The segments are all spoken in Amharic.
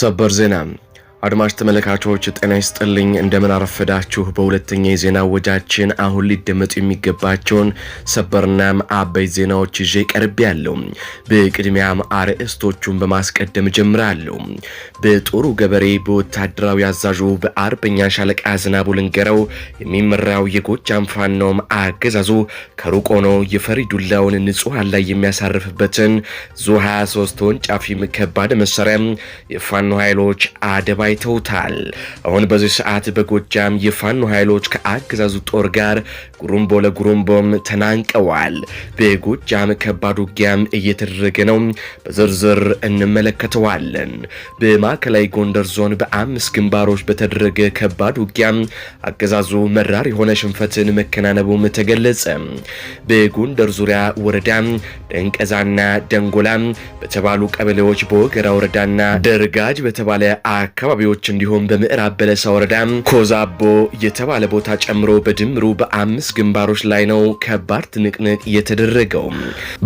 ሰበር ዜና አድማጭ ተመልካቾች ጤና ይስጥልኝ፣ እንደምን አረፈዳችሁ። በሁለተኛ የዜና ወጃችን አሁን ሊደመጡ የሚገባቸውን ሰበርናም አበይት ዜናዎች ይዤ ቀርብ ያለው። በቅድሚያም አርዕስቶቹን በማስቀደም ጀምራለሁ። በጦሩ ገበሬ በወታደራዊ አዛዡ በአርበኛ ሻለቃ ዝናቡ ልንገረው የሚመራው የጎጃም ፋኖም አገዛዙ ከሩቅ ሆኖ የፈሪ ዱላውን ንጹሐን ላይ የሚያሳርፍበትን ዙ 23 ወንጫፊም ከባድ መሳሪያ የፋኖ ኃይሎች አደባ አይተውታል። አሁን በዚህ ሰዓት በጎጃም የፋኖ ኃይሎች ከአገዛዙ ጦር ጋር ጉሩምቦ ለጉሩምቦም ተናንቀዋል። በጎጃም ከባድ ውጊያም እየተደረገ ነው። በዝርዝር እንመለከተዋለን። በማዕከላዊ ጎንደር ዞን በአምስት ግንባሮች በተደረገ ከባድ ውጊያም አገዛዙ መራር የሆነ ሽንፈትን መከናነቡም ተገለጸ። በጎንደር ዙሪያ ወረዳ ደንቀዛና ደንጎላ በተባሉ ቀበሌዎች በወገራ ወረዳና ደርጋጅ በተባለ አካባቢ አካባቢዎች እንዲሁም በምዕራብ በለሳ ወረዳ ኮዛቦ የተባለ ቦታ ጨምሮ በድምሩ በአምስት ግንባሮች ላይ ነው ከባድ ትንቅንቅ የተደረገው።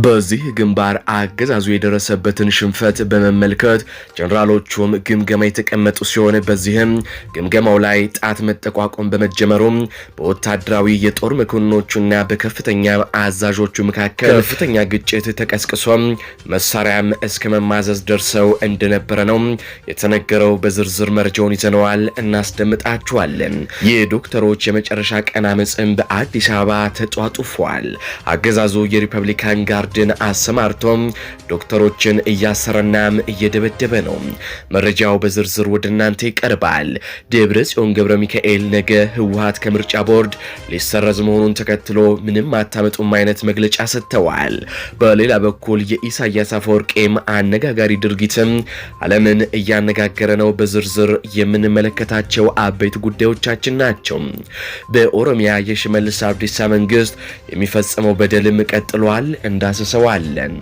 በዚህ ግንባር አገዛዙ የደረሰበትን ሽንፈት በመመልከት ጀኔራሎቹም ግምገማ የተቀመጡ ሲሆን በዚህም ግምገማው ላይ ጣት መጠቋቆም በመጀመሩም በወታደራዊ የጦር መኮንኖቹና በከፍተኛ አዛዦቹ መካከል ከፍተኛ ግጭት ተቀስቅሶም መሳሪያም እስከ መማዘዝ ደርሰው እንደነበረ ነው የተነገረው። በዝርዝር ዝርዝር መረጃውን ይዘነዋል፣ እናስደምጣችኋለን። የዶክተሮች የመጨረሻ ቀን አመፅን በአዲስ አበባ ተጧጡፏል። አገዛዙ የሪፐብሊካን ጋርድን አሰማርቶም ዶክተሮችን እያሰረናም እየደበደበ ነው። መረጃው በዝርዝር ወደ እናንተ ይቀርባል። ደብረ ጽዮን ገብረ ሚካኤል ነገ ህወሀት ከምርጫ ቦርድ ሊሰረዝ መሆኑን ተከትሎ ምንም አታመጡም አይነት መግለጫ ሰጥተዋል። በሌላ በኩል የኢሳያስ አፈወርቄም አነጋጋሪ ድርጊትም ዓለምን እያነጋገረ ነው። በዝርዝር በዝርዝር የምንመለከታቸው አበይት ጉዳዮቻችን ናቸው። በኦሮሚያ የሽመልስ አብዲሳ መንግስት የሚፈጸመው በደልም ቀጥሏል፣ እንዳስሰዋለን።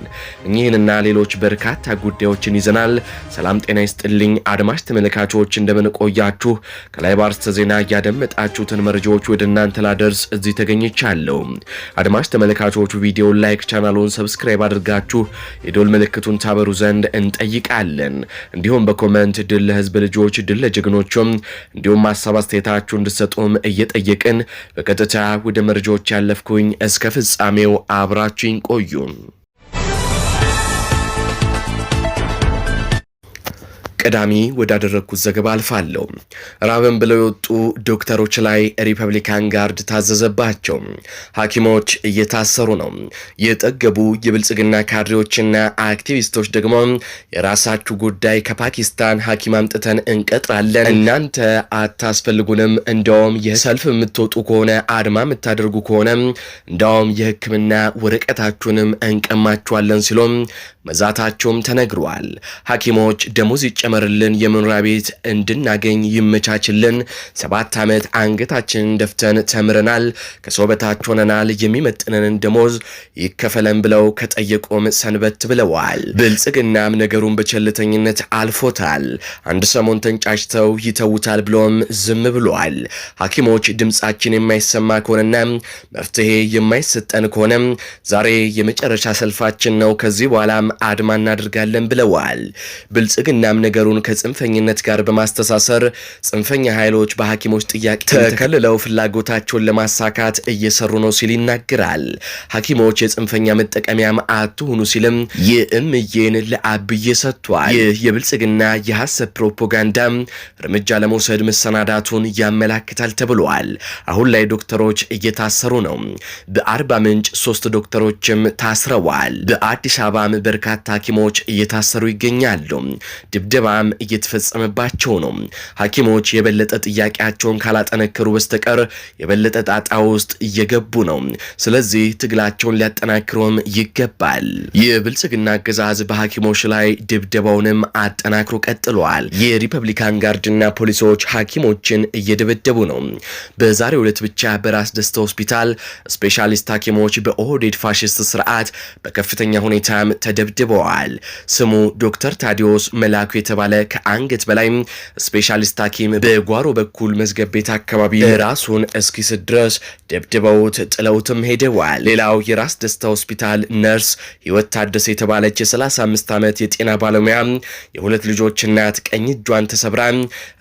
እኚህንና ሌሎች በርካታ ጉዳዮችን ይዘናል። ሰላም ጤና ይስጥልኝ አድማጭ ተመልካቾች፣ እንደምንቆያችሁ ከላይ ባርስተ ዜና እያደመጣችሁትን መረጃዎች ወደ እናንተ ላደርስ እዚህ ተገኝቻለሁ። አድማጭ ተመልካቾቹ ቪዲዮን ላይክ፣ ቻናሉን ሰብስክራይብ አድርጋችሁ የዶል ምልክቱን ታበሩ ዘንድ እንጠይቃለን። እንዲሁም በኮመንት ድል ለህዝብ ልጆ ተዋጊዎች ድል ለጀግኖቹም እንዲሁም ሀሳብ አስተያየታችሁ እንድሰጡም እየጠየቅን በቀጥታ ወደ መረጃዎች ያለፍኩኝ እስከ ፍጻሜው አብራችኝ ቆዩ። ቀዳሚ ወዳደረግኩት ዘገባ አልፋለሁ። ራብን ብለው የወጡ ዶክተሮች ላይ ሪፐብሊካን ጋርድ ታዘዘባቸው። ሐኪሞች እየታሰሩ ነው። የጠገቡ የብልጽግና ካድሬዎችና አክቲቪስቶች ደግሞ የራሳችሁ ጉዳይ ከፓኪስታን ሐኪም አምጥተን እንቀጥራለን፣ እናንተ አታስፈልጉንም፣ እንደውም የሰልፍ የምትወጡ ከሆነ አድማ የምታደርጉ ከሆነ እንደውም የሕክምና ወረቀታችሁንም እንቀማችኋለን ሲሎም መዛታቸውም ተነግሯል። ሐኪሞች ደሞዝ ይጨ ይጨመርልን፣ የመኖሪያ ቤት እንድናገኝ ይመቻችልን። ሰባት ዓመት አንገታችንን ደፍተን ተምረናል፣ ከሰው በታች ሆነናል፣ የሚመጥነንን ደሞዝ ይከፈለን ብለው ከጠየቁም ሰንበት ብለዋል። ብልጽግናም ነገሩን በቸልተኝነት አልፎታል። አንድ ሰሞን ተንጫጭተው ይተውታል ብሎም ዝም ብሏል። ሐኪሞች ድምፃችን የማይሰማ ከሆነና መፍትሄ የማይሰጠን ከሆነ ዛሬ የመጨረሻ ሰልፋችን ነው፣ ከዚህ በኋላም አድማ እናደርጋለን ብለዋል። ብልጽግናም ነገ ነገሩን ከጽንፈኝነት ጋር በማስተሳሰር ጽንፈኛ ኃይሎች በሐኪሞች ጥያቄ ተከልለው ፍላጎታቸውን ለማሳካት እየሰሩ ነው ሲል ይናገራል። ሐኪሞች የጽንፈኛ መጠቀሚያም አትሁኑ ሲልም የእምዬን ለአብዬ ሰጥቷል። ይህ የብልጽግና የሐሰብ ፕሮፓጋንዳ እርምጃ ለመውሰድ መሰናዳቱን ያመላክታል ተብሏል። አሁን ላይ ዶክተሮች እየታሰሩ ነው። በአርባ ምንጭ ሶስት ዶክተሮችም ታስረዋል። በአዲስ አበባም በርካታ ሐኪሞች እየታሰሩ ይገኛሉ። ድብደባ ድብደባም እየተፈጸመባቸው ነው። ሐኪሞች የበለጠ ጥያቄያቸውን ካላጠነከሩ በስተቀር የበለጠ ጣጣ ውስጥ እየገቡ ነው። ስለዚህ ትግላቸውን ሊያጠናክሩም ይገባል። የብልጽግና አገዛዝ በሐኪሞች ላይ ድብደባውንም አጠናክሮ ቀጥሏል። የሪፐብሊካን ጋርድና ፖሊሶች ሐኪሞችን እየደበደቡ ነው። በዛሬው ዕለት ብቻ በራስ ደስታ ሆስፒታል ስፔሻሊስት ሐኪሞች በኦህዴድ ፋሽስት ስርዓት በከፍተኛ ሁኔታም ተደብድበዋል። ስሙ ዶክተር ታዲዮስ መላኩ የተባ የተባለ ከአንገት በላይ ስፔሻሊስት ሐኪም በጓሮ በኩል መዝገብ ቤት አካባቢ ራሱን እስኪስት ድረስ ደብድበውት ጥለውትም ሄደዋል። ሌላው የራስ ደስታ ሆስፒታል ነርስ ህይወት ታደሰ የተባለች የ35 ዓመት የጤና ባለሙያ የሁለት ልጆች እናት ቀኝ እጇን ተሰብራ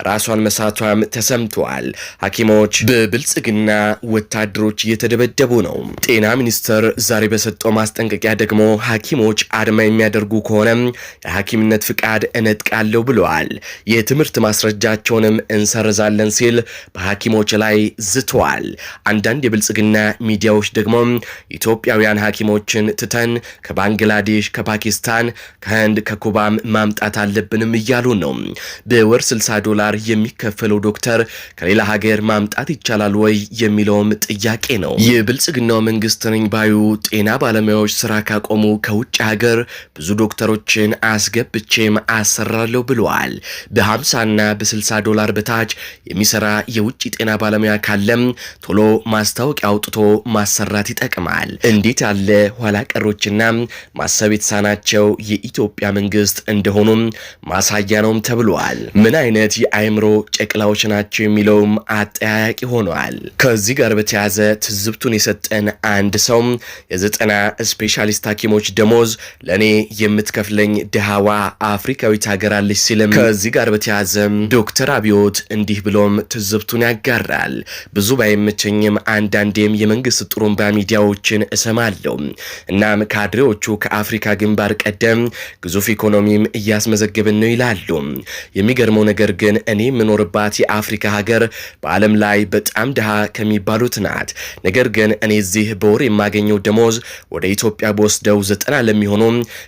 ራሷን መሳቷም ተሰምተዋል። ሐኪሞች በብልጽግና ወታደሮች እየተደበደቡ ነው። ጤና ሚኒስቴር ዛሬ በሰጠው ማስጠንቀቂያ ደግሞ ሐኪሞች አድማ የሚያደርጉ ከሆነ የሐኪምነት ፍቃድ እነጥቃል አለው ብለዋል። የትምህርት ማስረጃቸውንም እንሰርዛለን ሲል በሐኪሞች ላይ ዝተዋል። አንዳንድ የብልጽግና ሚዲያዎች ደግሞ ኢትዮጵያውያን ሐኪሞችን ትተን ከባንግላዴሽ፣ ከፓኪስታን፣ ከህንድ፣ ከኩባም ማምጣት አለብንም እያሉ ነው። በወር 60 ዶላር የሚከፈለው ዶክተር ከሌላ ሀገር ማምጣት ይቻላል ወይ የሚለውም ጥያቄ ነው። የብልጽግናው መንግስት ነኝ ባዩ ጤና ባለሙያዎች ስራ ካቆሙ ከውጭ ሀገር ብዙ ዶክተሮችን አስገብቼም አሰራለሁ አለው ብለዋል። በ50ና በ60 ዶላር በታች የሚሰራ የውጭ ጤና ባለሙያ ካለም ቶሎ ማስታወቂያ አውጥቶ ማሰራት ይጠቅማል። እንዴት ያለ ኋላ ቀሮችና ማሰብ የተሳናቸው የኢትዮጵያ መንግስት እንደሆኑም ማሳያ ነውም ተብሏል። ምን አይነት የአእምሮ ጨቅላዎች ናቸው የሚለውም አጠያያቂ ሆኗል። ከዚህ ጋር በተያያዘ ትዝብቱን የሰጠን አንድ ሰው የዘጠና ስፔሻሊስት ሐኪሞች ደሞዝ ለእኔ የምትከፍለኝ ድሃዋ አፍሪካዊት ሀገር ትችላለች ሲልም ከዚህ ጋር በተያያዘ ዶክተር አብዮት እንዲህ ብሎም ትዝብቱን ያጋራል። ብዙ ባይመቸኝም አንዳንዴም የመንግስት ጥሩምባ ሚዲያዎችን እሰማለሁ። እናም ካድሬዎቹ ከአፍሪካ ግንባር ቀደም ግዙፍ ኢኮኖሚም እያስመዘገብን ነው ይላሉ። የሚገርመው ነገር ግን እኔ የምኖርባት የአፍሪካ ሀገር በዓለም ላይ በጣም ድሃ ከሚባሉት ናት። ነገር ግን እኔ እዚህ በወር የማገኘው ደሞዝ ወደ ኢትዮጵያ በወስደው ዘጠና ለሚሆኑ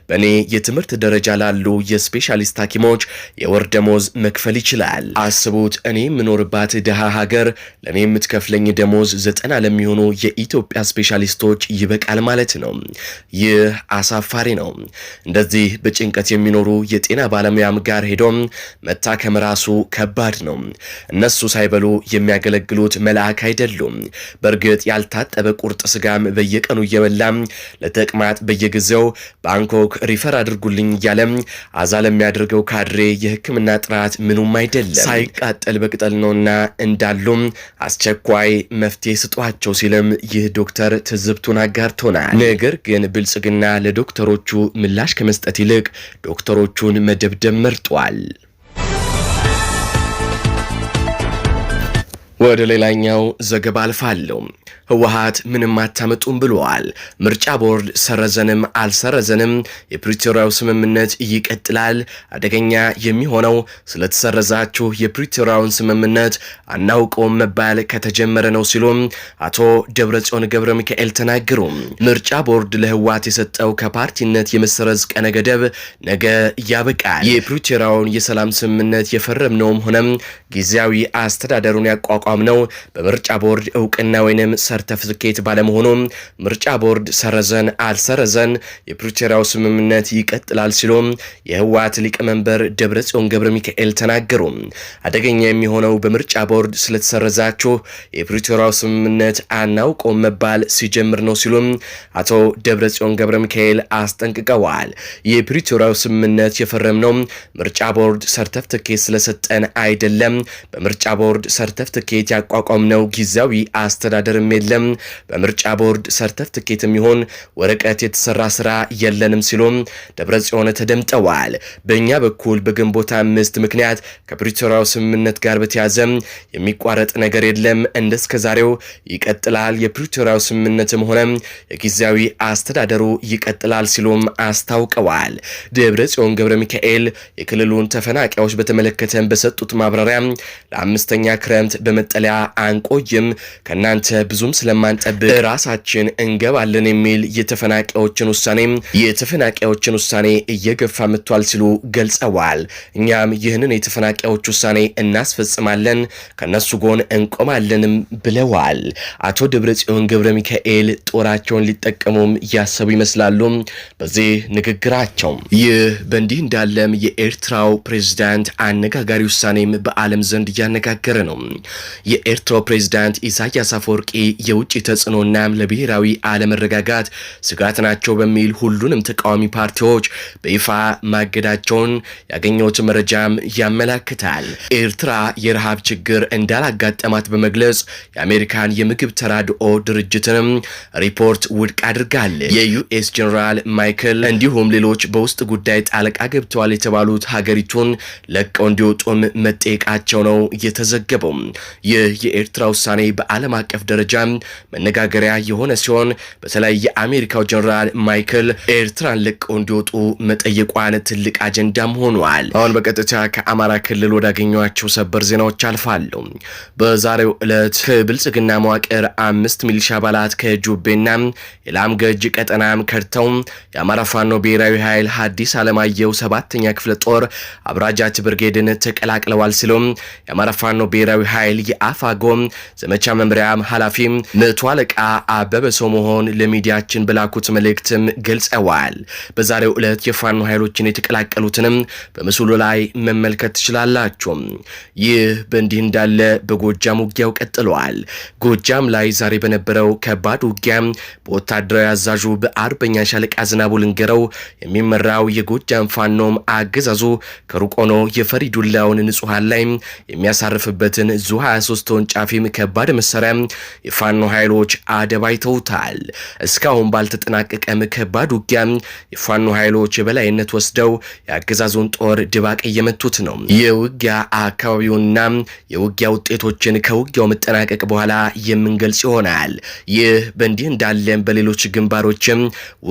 በእኔ የትምህርት ደረጃ ላሉ የስፔሻሊስት ሐኪሞች ቤተሰቦች የወር ደሞዝ መክፈል ይችላል። አስቡት፣ እኔ የምኖርባት ድሃ ሀገር ለእኔ የምትከፍለኝ ደሞዝ ዘጠና ለሚሆኑ የኢትዮጵያ ስፔሻሊስቶች ይበቃል ማለት ነው። ይህ አሳፋሪ ነው። እንደዚህ በጭንቀት የሚኖሩ የጤና ባለሙያም ጋር ሄዶም መታከም ራሱ ከባድ ነው። እነሱ ሳይበሉ የሚያገለግሉት መልአክ አይደሉም። በእርግጥ ያልታጠበ ቁርጥ ስጋም በየቀኑ እየበላም ለተቅማጥ በየጊዜው ባንኮክ ሪፈር አድርጉልኝ እያለም አዛ ለሚያደርገው ካድሬ የህክምና ጥራት ምኑም አይደለም፣ ሳይቃጠል በቅጠል ነውና እንዳሉም አስቸኳይ መፍትሄ ስጧቸው ሲልም ይህ ዶክተር ትዝብቱን አጋርቶናል። ነገር ግን ብልጽግና ለዶክተሮቹ ምላሽ ከመስጠት ይልቅ ዶክተሮቹን መደብደብ መርጧል። ወደ ሌላኛው ዘገባ አልፋለሁ። ህወሀት ምንም አታመጡም ብለዋል። ምርጫ ቦርድ ሰረዘንም አልሰረዘንም የፕሪቶሪያው ስምምነት ይቀጥላል። አደገኛ የሚሆነው ስለተሰረዛችሁ የፕሪቶሪያውን ስምምነት አናውቀውም መባል ከተጀመረ ነው ሲሉም አቶ ደብረጽዮን ገብረ ሚካኤል ተናገሩ። ምርጫ ቦርድ ለህወሀት የሰጠው ከፓርቲነት የመሰረዝ ቀነ ገደብ ነገ ያበቃል። የፕሪቶሪያውን የሰላም ስምምነት የፈረምነውም ሆነም ጊዜያዊ አስተዳደሩን ያቋቋ ተቋም ነው። በምርጫ ቦርድ እውቅና ወይንም ሰርተፍኬት ባለመሆኑም ምርጫ ቦርድ ሰረዘን አልሰረዘን የፕሪቶሪያው ስምምነት ይቀጥላል ሲሉም የህወሓት ሊቀመንበር ደብረጽዮን ገብረ ሚካኤል ተናገሩ። አደገኛ የሚሆነው በምርጫ ቦርድ ስለተሰረዛችሁ የፕሪቶሪያው ስምምነት አናውቀውም መባል ሲጀምር ነው ሲሉም አቶ ደብረጽዮን ገብረ ሚካኤል አስጠንቅቀዋል። የፕሪቶሪያው ስምምነት የፈረምነው ምርጫ ቦርድ ሰርተፍትኬት ስለሰጠን አይደለም። በምርጫ ቦርድ ሰርተፍትኬት ሰርተፍኬት ያቋቋምነው ጊዜያዊ አስተዳደርም የለም። በምርጫ ቦርድ ሰርተፍኬትም ይሆን ወረቀት የተሰራ ስራ የለንም ሲሉም ደብረጽዮን ተደምጠዋል። በእኛ በኩል በግንቦት አምስት ምክንያት ከፕሪቶሪያው ስምምነት ጋር በተያዘ የሚቋረጥ ነገር የለም፣ እንደስከ ዛሬው ይቀጥላል። የፕሪቶሪያው ስምምነትም ሆነ የጊዜያዊ አስተዳደሩ ይቀጥላል ሲሉም አስታውቀዋል። ደብረ ጽዮን ገብረ ሚካኤል የክልሉን ተፈናቃዮች በተመለከተ በሰጡት ማብራሪያ ለአምስተኛ ክረምት በመ መጠለያ አንቆይም፣ ከእናንተ ብዙም ስለማንጠብቅ ራሳችን እንገባለን የሚል የተፈናቃዮችን ውሳኔ የተፈናቃዮችን ውሳኔ እየገፋ መጥቷል ሲሉ ገልጸዋል። እኛም ይህንን የተፈናቃዮች ውሳኔ እናስፈጽማለን፣ ከነሱ ጎን እንቆማለንም ብለዋል። አቶ ደብረጽዮን ገብረ ሚካኤል ጦራቸውን ሊጠቀሙም ያሰቡ ይመስላሉ በዚህ ንግግራቸው። ይህ በእንዲህ እንዳለም የኤርትራው ፕሬዝዳንት አነጋጋሪ ውሳኔም በዓለም ዘንድ እያነጋገረ ነው። የኤርትራው ፕሬዝዳንት ኢሳያስ አፈወርቂ የውጭ ተጽዕኖና ለብሔራዊ አለመረጋጋት ስጋት ናቸው በሚል ሁሉንም ተቃዋሚ ፓርቲዎች በይፋ ማገዳቸውን ያገኘሁት መረጃም ያመላክታል። ኤርትራ የረሃብ ችግር እንዳላጋጠማት በመግለጽ የአሜሪካን የምግብ ተራድኦ ድርጅትንም ሪፖርት ውድቅ አድርጋለች። የዩኤስ ጀኔራል ማይክል እንዲሁም ሌሎች በውስጥ ጉዳይ ጣልቃ ገብተዋል የተባሉት ሀገሪቱን ለቀው እንዲወጡም መጠየቃቸው ነው የተዘገበው። ይህ የኤርትራ ውሳኔ በዓለም አቀፍ ደረጃ መነጋገሪያ የሆነ ሲሆን በተለይ የአሜሪካው ጀኔራል ማይክል ኤርትራን ለቀው እንዲወጡ መጠየቋን ትልቅ አጀንዳም ሆኗል። አሁን በቀጥታ ከአማራ ክልል ወዳገኟቸው ሰበር ዜናዎች አልፋለሁ። በዛሬው ዕለት ከብልጽግና መዋቅር አምስት ሚሊሻ አባላት ከጁቤና የላምገጅ ቀጠናም ከድተው የአማራ ፋኖ ብሔራዊ ኃይል ሐዲስ ዓለማየሁ ሰባተኛ ክፍለ ጦር አብራጃት ብርጌድን ተቀላቅለዋል ሲሉም የአማራ ፋኖ ብሔራዊ ኃይል የአፋጎም ዘመቻ መምሪያ ኃላፊ መቶ አለቃ አበበ ሰው መሆን ለሚዲያችን በላኩት መልእክትም ገልጸዋል። በዛሬው ዕለት የፋኖ ኃይሎችን የተቀላቀሉትንም በምስሉ ላይ መመልከት ትችላላችሁ። ይህ በእንዲህ እንዳለ በጎጃም ውጊያው ቀጥለዋል። ጎጃም ላይ ዛሬ በነበረው ከባድ ውጊያ በወታደራዊ አዛዡ በአርበኛ ሻለቃ ዝናቡ ልንገረው የሚመራው የጎጃም ፋኖም አገዛዙ ከሩቆኖ የፈሪዱላውን የፈሪ ዱላውን ንጹሐን ላይ የሚያሳርፍበትን ዙ 23 ተወንጫፊም ከባድ መሳሪያ የፋኖ ኃይሎች አደባይተውታል። እስካሁን ባልተጠናቀቀም ከባድ ውጊያ የፋኖ ኃይሎች የበላይነት ወስደው የአገዛዙን ጦር ድባቅ እየመቱት ነው። የውጊያ አካባቢውና የውጊያ ውጤቶችን ከውጊያው መጠናቀቅ በኋላ የምንገልጽ ይሆናል። ይህ በእንዲህ እንዳለን በሌሎች ግንባሮችም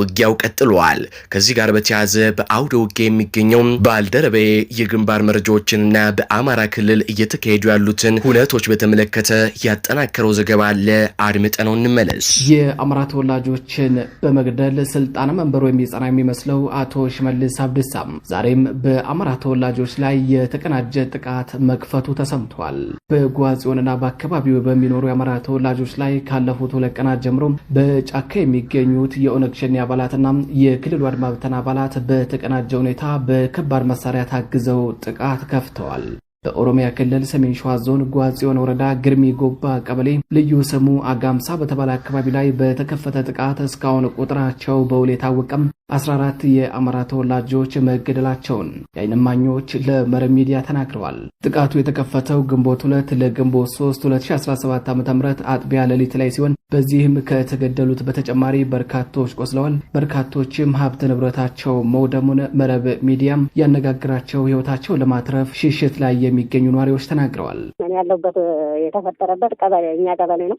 ውጊያው ቀጥሏል። ከዚህ ጋር በተያያዘ በአውደ ውጊያ የሚገኘው ባልደረቤ የግንባር መረጃዎችንና በአማራ ክልል እየተካሄዱ ያሉትን ሁነቶች ግጭቶች በተመለከተ ያጠናከረው ዘገባ አለ። አድምጠ ነው እንመለስ። የአማራ ተወላጆችን በመግደል ስልጣን መንበሩ የሚጸና የሚመስለው አቶ ሽመልስ አብዲሳም ዛሬም በአማራ ተወላጆች ላይ የተቀናጀ ጥቃት መክፈቱ ተሰምቷል። በጓዚዮንና በአካባቢው በሚኖሩ የአማራ ተወላጆች ላይ ካለፉት ሁለት ቀናት ጀምሮ በጫካ የሚገኙት የኦነግ ሸኔ አባላትና የክልሉ አድማ ብተና አባላት በተቀናጀ ሁኔታ በከባድ መሳሪያ ታግዘው ጥቃት ከፍተዋል። በኦሮሚያ ክልል ሰሜን ሸዋ ዞን ጓጽዮን ወረዳ ግርሚ ጎባ ቀበሌ ልዩ ስሙ አጋምሳ በተባለ አካባቢ ላይ በተከፈተ ጥቃት እስካሁን ቁጥራቸው በውል የታወቀም 14 የአማራ ተወላጆች መገደላቸውን የዓይን እማኞች ለመረብ ሚዲያ ተናግረዋል። ጥቃቱ የተከፈተው ግንቦት 2 ለግንቦት 3 2017 ዓ.ም አጥቢያ ሌሊት ላይ ሲሆን በዚህም ከተገደሉት በተጨማሪ በርካቶች ቆስለዋል፣ በርካቶችም ሀብት ንብረታቸው መውደሙን መረብ ሚዲያም ያነጋግራቸው ህይወታቸው ለማትረፍ ሽሽት ላይ የሚገኙ ነዋሪዎች ተናግረዋል። ያለበት የተፈጠረበት ቀበሌ እኛ ቀበሌ ነው።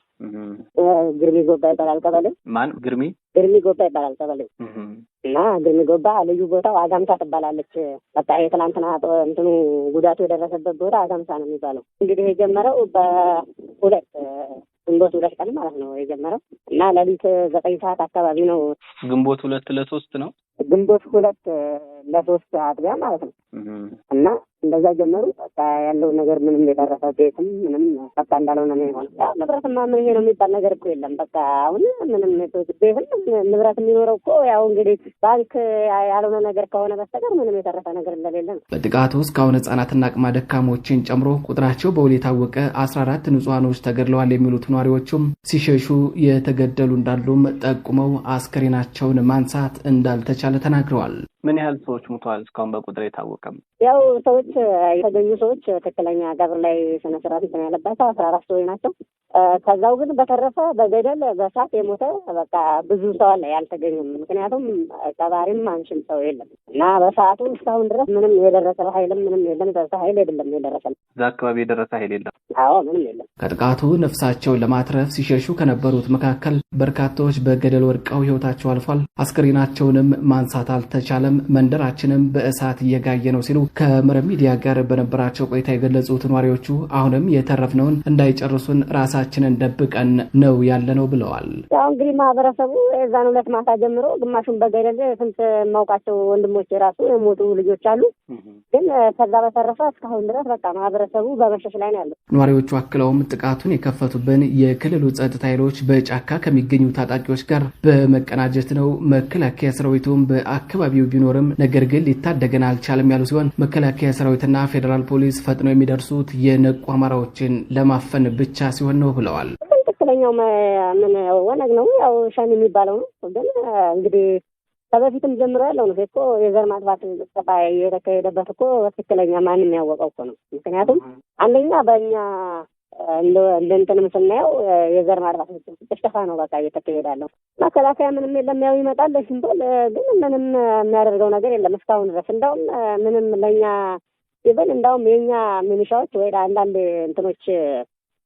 ግርሚ ጎባ ይባላል ቀበሌ። ማን ግርሚ? ግርሚ ጎባ ይባላል ቀበሌ እና ገሚጎባ ልዩ ቦታው አጋምሳ ትባላለች። በቃ የትናንትና እንትኑ ጉዳቱ የደረሰበት ቦታ አጋምሳ ነው የሚባለው። እንግዲህ የጀመረው በሁለት ግንቦት ሁለት ቀን ማለት ነው የጀመረው እና ለሊት ዘጠኝ ሰዓት አካባቢ ነው ግንቦት ሁለት ለሶስት ነው ግንቦት ሁለት ለሶስት አጥቢያ ማለት ነው እና እንደዛ ጀመሩ። በቃ ያለው ነገር ምንም የደረሰ ቤትም ምንም በቃ እንዳልሆነ ነው የሆነ። ንብረትማ ምን ይሄ ነው የሚባል ነገር እኮ የለም። በቃ አሁን ምንም ቤትም ንብረት የሚኖረው እኮ ያው እንግዲህ ባንክ ያልሆነ ነገር ከሆነ በስተቀር ምንም የተረፈ ነገር እንደሌለ ነው። በጥቃቱ እስካሁን ህጻናትና አቅማ ደካሞችን ጨምሮ ቁጥራቸው በውል የታወቀ አስራ አራት ንጹሐኖች ተገድለዋል የሚሉት ነዋሪዎቹም ሲሸሹ የተገደሉ እንዳሉም ጠቁመው አስከሬናቸውን ማንሳት እንዳልተቻለ እንደተቻለ ተናግረዋል። ምን ያህል ሰዎች ሙተዋል? እስካሁን በቁጥር የታወቀም ያው ሰዎች የተገኙ ሰዎች ትክክለኛ ቀብር ላይ ስነስርዓት እንትን ያለባቸው አስራ አራት ሰዎች ናቸው። ከዛው ግን በተረፈ በገደል በሳት የሞተ በቃ ብዙ ሰው አለ ያልተገኙም። ምክንያቱም ቀባሪም አንሽም ሰው የለም እና በሰዓቱ እስካሁን ድረስ ምንም የደረሰ ኃይልም ምንም የለም። ደረሰ ኃይል አይደለም የደረሰ እዛ አካባቢ የደረሰ ኃይል የለም። አዎ ምንም የለም። ከጥቃቱ ነፍሳቸውን ለማትረፍ ሲሸሹ ከነበሩት መካከል በርካታዎች በገደል ወድቀው ህይወታቸው አልፏል። አስክሬናቸውንም ማ ማንሳት አልተቻለም፣ መንደራችንም በእሳት እየጋየ ነው ሲሉ ከመረብ ሚዲያ ጋር በነበራቸው ቆይታ የገለጹት ነዋሪዎቹ አሁንም የተረፍነውን እንዳይጨርሱን ራሳችንን ደብቀን ነው ያለነው ብለዋል። ያው እንግዲህ ማህበረሰቡ የዛን ሁለት ማታ ጀምሮ ግማሹን በገደል ስንት የማውቃቸው ወንድሞች የራሱ የሞቱ ልጆች አሉ። ግን ከዛ በተረፈ እስካሁን ድረስ በቃ ማህበረሰቡ በመሸሽ ላይ ነው ያለው። ነዋሪዎቹ አክለውም ጥቃቱን የከፈቱብን የክልሉ ጸጥታ ኃይሎች በጫካ ከሚገኙ ታጣቂዎች ጋር በመቀናጀት ነው። መከላከያ ሰራዊቱም በአካባቢው ቢኖርም ነገር ግን ሊታደገን አልቻለም ያሉ ሲሆን መከላከያ ሰራዊትና ፌዴራል ፖሊስ ፈጥነው የሚደርሱት የነቁ አማራዎችን ለማፈን ብቻ ሲሆን ነው ብለዋል። ትክክለኛው ምን ወነግ ነው ያው ሸን የሚባለው ነው። ግን እንግዲህ ከበፊትም ጀምሮ ያለው ነው እኮ የዘር ማጥፋት ጥፋ የተካሄደበት እኮ በትክክለኛ ማንም ያወቀው እኮ ነው። ምክንያቱም አንደኛ በእኛ እንደንትንም ስናየው የዘር ማጥፋት ጭፍጨፋ ነው በቃ እየተካሄደ ይሄዳለሁ። መከላከያ ምንም የለም ያው ይመጣል ለሽንበል ግን ምንም የሚያደርገው ነገር የለም እስካሁን ድረስ እንደውም ምንም ለእኛ ይበል እንደውም የእኛ ሚኒሻዎች ወይ አንዳንድ እንትኖች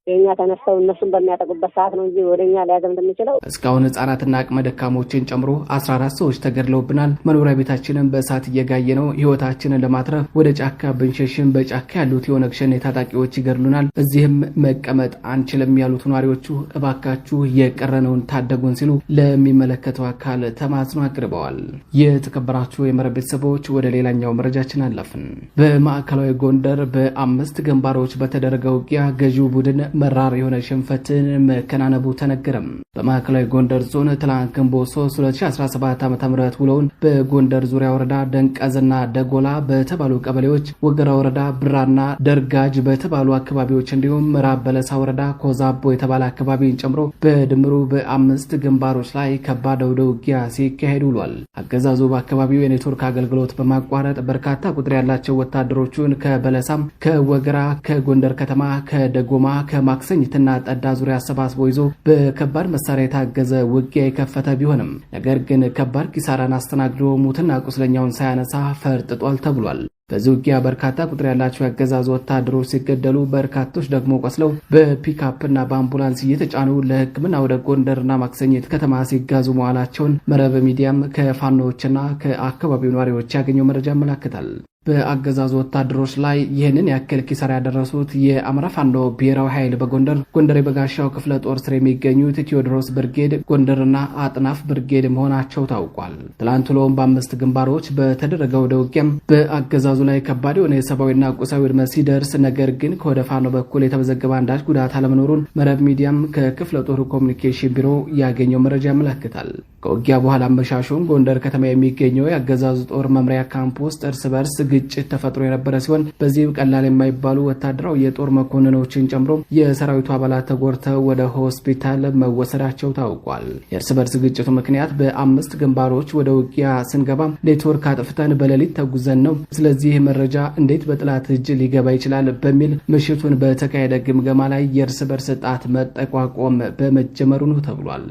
የእኛ ተነስተው እነሱን በሚያጠቁበት ሰዓት ነው እንጂ ወደ እኛ ሊያዘምድ የሚችለው። እስካሁን ህጻናትና አቅመ ደካሞችን ጨምሮ አስራ አራት ሰዎች ተገድለውብናል። መኖሪያ ቤታችንን በእሳት እየጋየ ነው። ህይወታችንን ለማትረፍ ወደ ጫካ ብንሸሽም በጫካ ያሉት የኦነግ ሸኔ ታጣቂዎች ይገድሉናል። እዚህም መቀመጥ አንችልም ያሉት ነዋሪዎቹ እባካችሁ የቀረነውን ታደጉን ሲሉ ለሚመለከተው አካል ተማጽኖ አቅርበዋል። የተከበራችሁ የመረብ ቤተሰቦች ወደ ሌላኛው መረጃችን አለፍን። በማዕከላዊ ጎንደር በአምስት ግንባሮች በተደረገ ውጊያ ገዢው ቡድን መራር የሆነ ሽንፈትን መከናነቡ ተነገረም። በማዕከላዊ ጎንደር ዞን ትላንት ግንቦት 3 2017 ዓ ም ውለውን በጎንደር ዙሪያ ወረዳ ደንቀዝና ደጎላ በተባሉ ቀበሌዎች፣ ወገራ ወረዳ ብራና ደርጋጅ በተባሉ አካባቢዎች እንዲሁም ምዕራብ በለሳ ወረዳ ኮዛቦ የተባለ አካባቢን ጨምሮ በድምሩ በአምስት ግንባሮች ላይ ከባድ አውደ ውጊያ ሲካሄድ ውሏል። አገዛዙ በአካባቢው የኔትወርክ አገልግሎት በማቋረጥ በርካታ ቁጥር ያላቸው ወታደሮቹን ከበለሳም፣ ከወገራ፣ ከጎንደር ከተማ፣ ከደጎማ፣ ከ ማክሰኝትና ጠዳ ዙሪያ አሰባስቦ ይዞ በከባድ መሳሪያ የታገዘ ውጊያ የከፈተ ቢሆንም ነገር ግን ከባድ ኪሳራን አስተናግዶ ሙትና ቁስለኛውን ሳያነሳ ፈርጥጧል ተብሏል። በዚህ ውጊያ በርካታ ቁጥር ያላቸው ያገዛዙ ወታደሮች ሲገደሉ በርካቶች ደግሞ ቆስለው በፒካፕና በአምቡላንስ እየተጫኑ ለሕክምና ወደ ጎንደርና ማክሰኝት ከተማ ሲጋዙ መዋላቸውን መረብ ሚዲያም ከፋኖዎችና ከአካባቢው ነዋሪዎች ያገኘው መረጃ ያመላክታል። በአገዛዙ ወታደሮች ላይ ይህንን ያክል ኪሳራ ያደረሱት የአማራ ፋኖ ብሔራዊ ኃይል በጎንደር ጎንደር የበጋሻው ክፍለ ጦር ስር የሚገኙት ቴዎድሮስ ብርጌድ፣ ጎንደርና አጥናፍ ብርጌድ መሆናቸው ታውቋል። ትላንት ውሎም በአምስት ግንባሮች በተደረገ ወደ ውጊያም በአገዛዙ ላይ ከባድ የሆነ የሰብአዊና ቁሳዊ ውድመት ሲደርስ፣ ነገር ግን ከወደ ፋኖ በኩል የተመዘገበ አንዳች ጉዳት አለመኖሩን መረብ ሚዲያም ከክፍለ ጦሩ ኮሚኒኬሽን ቢሮ ያገኘው መረጃ ያመለክታል። ከውጊያ በኋላ አመሻሹን ጎንደር ከተማ የሚገኘው የአገዛዙ ጦር መምሪያ ካምፕ ውስጥ እርስ በርስ ግጭት ተፈጥሮ የነበረ ሲሆን በዚህ ቀላል የማይባሉ ወታደራዊ የጦር መኮንኖችን ጨምሮ የሰራዊቱ አባላት ተጎድተው ወደ ሆስፒታል መወሰዳቸው ታውቋል። የእርስ በርስ ግጭቱ ምክንያት በአምስት ግንባሮች ወደ ውጊያ ስንገባ ኔትወርክ አጥፍተን በሌሊት ተጉዘን ነው። ስለዚህ መረጃ እንዴት በጥላት እጅ ሊገባ ይችላል? በሚል ምሽቱን በተካሄደ ግምገማ ላይ የእርስ በርስ ጣት መጠቋቆም በመጀመሩ ነው ተብሏል።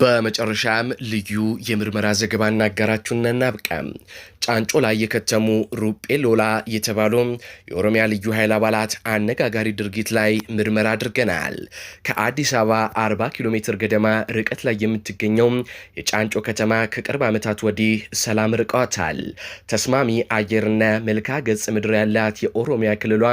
በመጨረሻም ልዩ የምርመራ ዘገባ እናጋራችሁና እናብቃ። ጫንጮ ላይ የከተሙ ሩጴ ሎላ የተባሉ የኦሮሚያ ልዩ ኃይል አባላት አነጋጋሪ ድርጊት ላይ ምርመራ አድርገናል። ከአዲስ አበባ 40 ኪሎ ሜትር ገደማ ርቀት ላይ የምትገኘው የጫንጮ ከተማ ከቅርብ ዓመታት ወዲህ ሰላም ርቀዋታል። ተስማሚ አየርና መልክዓ ገጽ ምድር ያላት የኦሮሚያ ክልሏ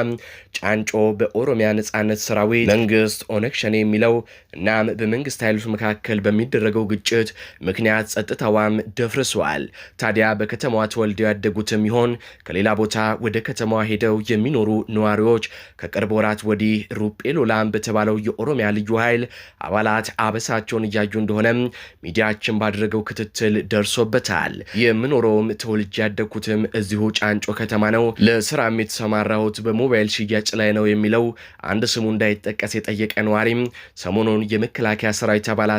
ጫንጮ በኦሮሚያ ነጻነት ሰራዊት መንግስት ኦነግ ሸኔ የሚለው እናም በመንግስት ኃይሎች መካከል በሚደ በሚደረገው ግጭት ምክንያት ጸጥታዋም ደፍርሷል። ታዲያ በከተማዋ ተወልደው ያደጉትም ይሆን ከሌላ ቦታ ወደ ከተማዋ ሄደው የሚኖሩ ነዋሪዎች ከቅርብ ወራት ወዲህ ሩጴ ሎላም በተባለው የኦሮሚያ ልዩ ኃይል አባላት አበሳቸውን እያዩ እንደሆነም ሚዲያችን ባደረገው ክትትል ደርሶበታል። የምኖረውም ተወልጄ ያደግኩትም እዚሁ ጫንጮ ከተማ ነው። ለስራም የተሰማራሁት በሞባይል ሽያጭ ላይ ነው የሚለው አንድ ስሙ እንዳይጠቀስ የጠየቀ ነዋሪም ሰሞኑን የመከላከያ ሰራዊት አባላት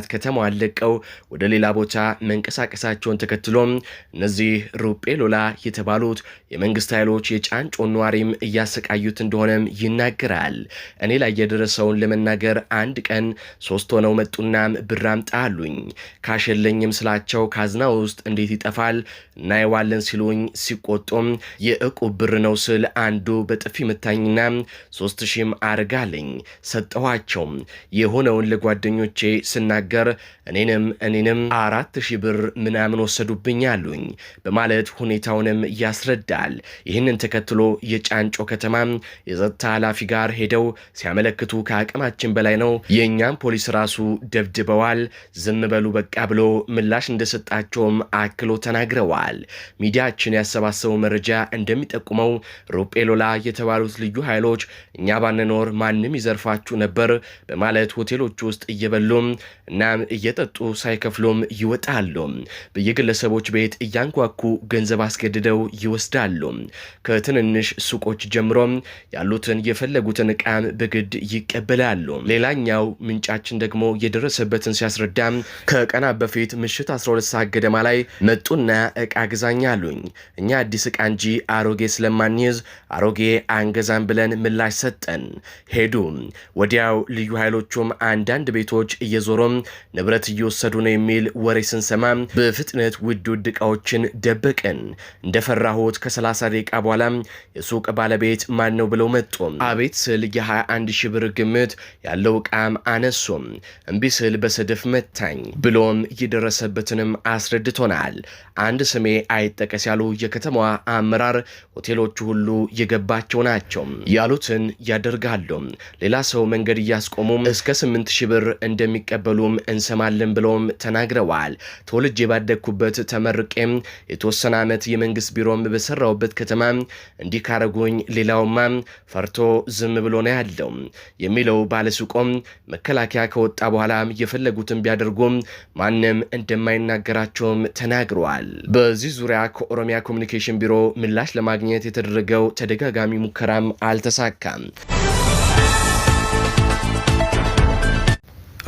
አለ። ለቀው ወደ ሌላ ቦታ መንቀሳቀሳቸውን ተከትሎም እነዚህ ሩጴ ሎላ የተባሉት የመንግስት ኃይሎች የጫንጮ ነዋሪም እያሰቃዩት እንደሆነም ይናገራል። እኔ ላይ የደረሰውን ለመናገር አንድ ቀን ሶስት ሆነው መጡናም ብር አምጣ አሉኝ። ካሸለኝም ስላቸው ካዝና ውስጥ እንዴት ይጠፋል እናየዋለን ሲሉኝ ሲቆጡም የእቁብ ብር ነው ስል አንዱ በጥፊ መታኝና ሶስት ሺም አርጋለኝ ሰጠኋቸው። የሆነውን ለጓደኞቼ ስናገር እኔንም እኔንም አራት ሺህ ብር ምናምን ወሰዱብኝ አሉኝ በማለት ሁኔታውንም ያስረዳል። ይህንን ተከትሎ የጫንጮ ከተማ የጸጥታ ኃላፊ ጋር ሄደው ሲያመለክቱ ከአቅማችን በላይ ነው፣ የእኛም ፖሊስ ራሱ ደብድበዋል፣ ዝም በሉ በቃ ብሎ ምላሽ እንደሰጣቸውም አክሎ ተናግረዋል። ሚዲያችን ያሰባሰበው መረጃ እንደሚጠቁመው ሩጴሎላ የተባሉት ልዩ ኃይሎች እኛ ባንኖር ማንም ይዘርፋችሁ ነበር በማለት ሆቴሎች ውስጥ እየበሉም እናም እየ እየጠጡ ሳይከፍሉም ይወጣሉ። በየግለሰቦች ቤት እያንኳኩ ገንዘብ አስገድደው ይወስዳሉ። ከትንንሽ ሱቆች ጀምሮ ያሉትን የፈለጉትን ዕቃም በግድ ይቀበላሉ። ሌላኛው ምንጫችን ደግሞ የደረሰበትን ሲያስረዳ ከቀና በፊት ምሽት 12 ሰዓት ገደማ ላይ መጡና እቃ ግዛኝ አሉኝ። እኛ አዲስ እቃ እንጂ አሮጌ ስለማንይዝ አሮጌ አንገዛም ብለን ምላሽ ሰጠን። ሄዱ። ወዲያው ልዩ ኃይሎቹም አንዳንድ ቤቶች እየዞሩም ንብረት እየወሰዱ ነው የሚል ወሬ ስንሰማ በፍጥነት ውድ ውድ እቃዎችን ደበቅን። እንደፈራሁት ከ30 ደቂቃ በኋላ የሱቅ ባለቤት ማን ነው ብለው መጡ። አቤት ስል የ21 ሺ ብር ግምት ያለው እቃም አነሱም። እምቢ ስል በሰደፍ መታኝ ብሎም የደረሰበትንም አስረድቶናል። አንድ ስሜ አይጠቀስ ያሉ የከተማዋ አመራር ሆቴሎቹ ሁሉ የገባቸው ናቸው ያሉትን ያደርጋሉ። ሌላ ሰው መንገድ እያስቆሙም እስከ 8 ሺ ብር እንደሚቀበሉም እንሰማለን። ይሆናልን ብለውም ተናግረዋል። ተወልጄ ባደግኩበት ተመርቄም የተወሰነ ዓመት የመንግስት ቢሮም በሰራውበት ከተማ እንዲህ ካረጉኝ ሌላውማ ፈርቶ ዝም ብሎ ነው ያለው የሚለው ባለሱቆም መከላከያ ከወጣ በኋላ የፈለጉትን ቢያደርጉም ማንም እንደማይናገራቸውም ተናግረዋል። በዚህ ዙሪያ ከኦሮሚያ ኮሚኒኬሽን ቢሮ ምላሽ ለማግኘት የተደረገው ተደጋጋሚ ሙከራም አልተሳካም።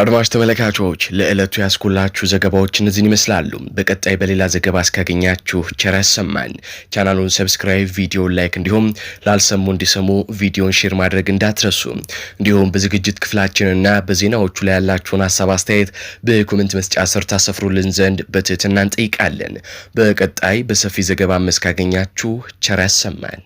አድማጭ ተመለካቾች ለዕለቱ ያስኩላችሁ ዘገባዎች እነዚህን ይመስላሉ። በቀጣይ በሌላ ዘገባ እስካገኛችሁ ቸር ያሰማን። ቻናሉን ሰብስክራይብ፣ ቪዲዮን ላይክ እንዲሁም ላልሰሙ እንዲሰሙ ቪዲዮን ሼር ማድረግ እንዳትረሱ። እንዲሁም በዝግጅት ክፍላችንና በዜናዎቹ ላይ ያላችሁን ሀሳብ አስተያየት በኮመንት መስጫ ስር ታሰፍሩልን ዘንድ በትህትና እንጠይቃለን። በቀጣይ በሰፊ ዘገባ እስካገኛችሁ ቸር ያሰማን።